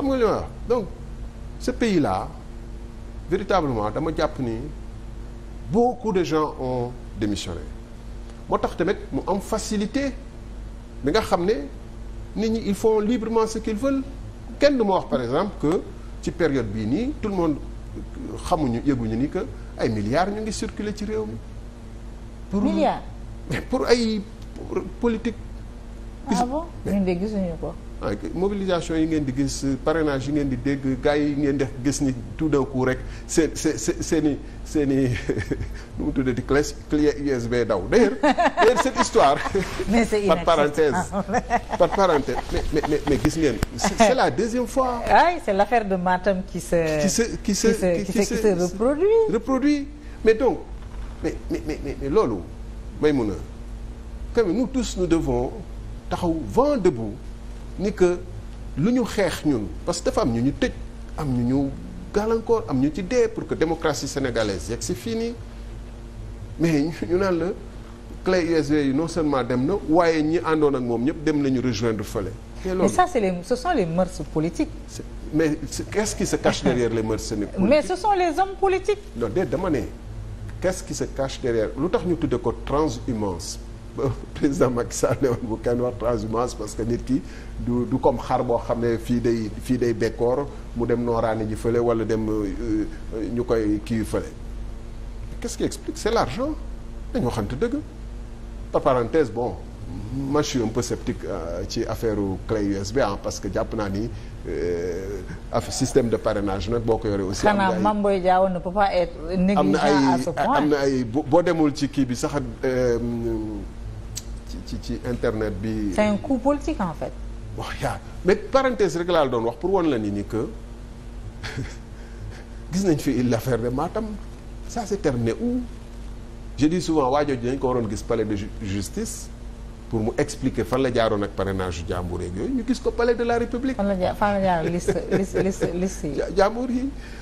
xam nga li donc ce pays là véritablement dama jàpp ni beaucoup de gens ont moo tax te tamit mu am facilité bi nga xam ne nit ñi il faut librement ce qu'ils veulent kenn du ma wax par exemple que ci période bii nii tout le monde xamuñu yëguñu ni que ay milliards ñu ngi circuler ci réew mi. pour milliards. pour ay politique. ah bon ñun de gisuñu ko. ah mobilisation yi ngeen di gis parrainage yi ngeen di dégg gars yi ngeen def gis ni tout d'un coup rek seen seen seen i seen i nu mu tuddati clés clé USB daw d'ailleurs d'ailleurs cette histoire. mais parenthèse par parenthèse mais mais gis ngeen. c'est la deuxième fois. ay c'est l'affaire de Matam qui se. qui se qui se qui, qui se, reproduit. mais donc mais mais mais loolu may mun a quand même nous tous nous devons taxaw vent debout. ni que lu ñu xeex ñun parce que dafa am ñu ñu tëj am ñu ñu gàllankoor am ñu ci dee pour que démocratie sénégalaise yegg si fii nii mais ñu naan la clé USB yi non dem na waaye ñi àndoon ak moom ñëpp dem nañu rejoindre fële. mais ça c'est les ce sont les mœurs politiques. mais qu'est-ce qui se cache derrière les mœurs politiques mais ce sont les hommes politiques. non de dama ne qu'est-ce qui se lu tax ñu tuddee ko transhumance. président Macky Sall ne woon bu kenn wax transhumance parce que nit ki du du comme xar boo xam ne fii day fii day bekkoor mu dem nooraane ji fële wala dem euh, euh, ñu koy kii fële qu'est-ce qui explique c'est l'argent dañu waxante dëgg par parenthèse bon moi je suis un peu euh, ci affaire clé USB ah parce que jàpp naa ni affaire système de parrainage nag boo ko yoree aussi. am na ay xanaa Mame Boye Diao ne peut pas boo demul ci kii bi sax. ci ci ci internet bi. c'est un coup politique en fait. bon mais parenthèse rek laa doon wax pour won la ni ni que gis nañ fi l'affaire de Matam ça s'est terminé où je dis souvent waa jooju dañ ko waroon gis pale de justice pour mu expliquer fan la jaaroon ak parrainage jàmbur yeeg yooyu ñu gis ko palais de la république. fan la jaaroon liste liste liste yi. jàmbur yi.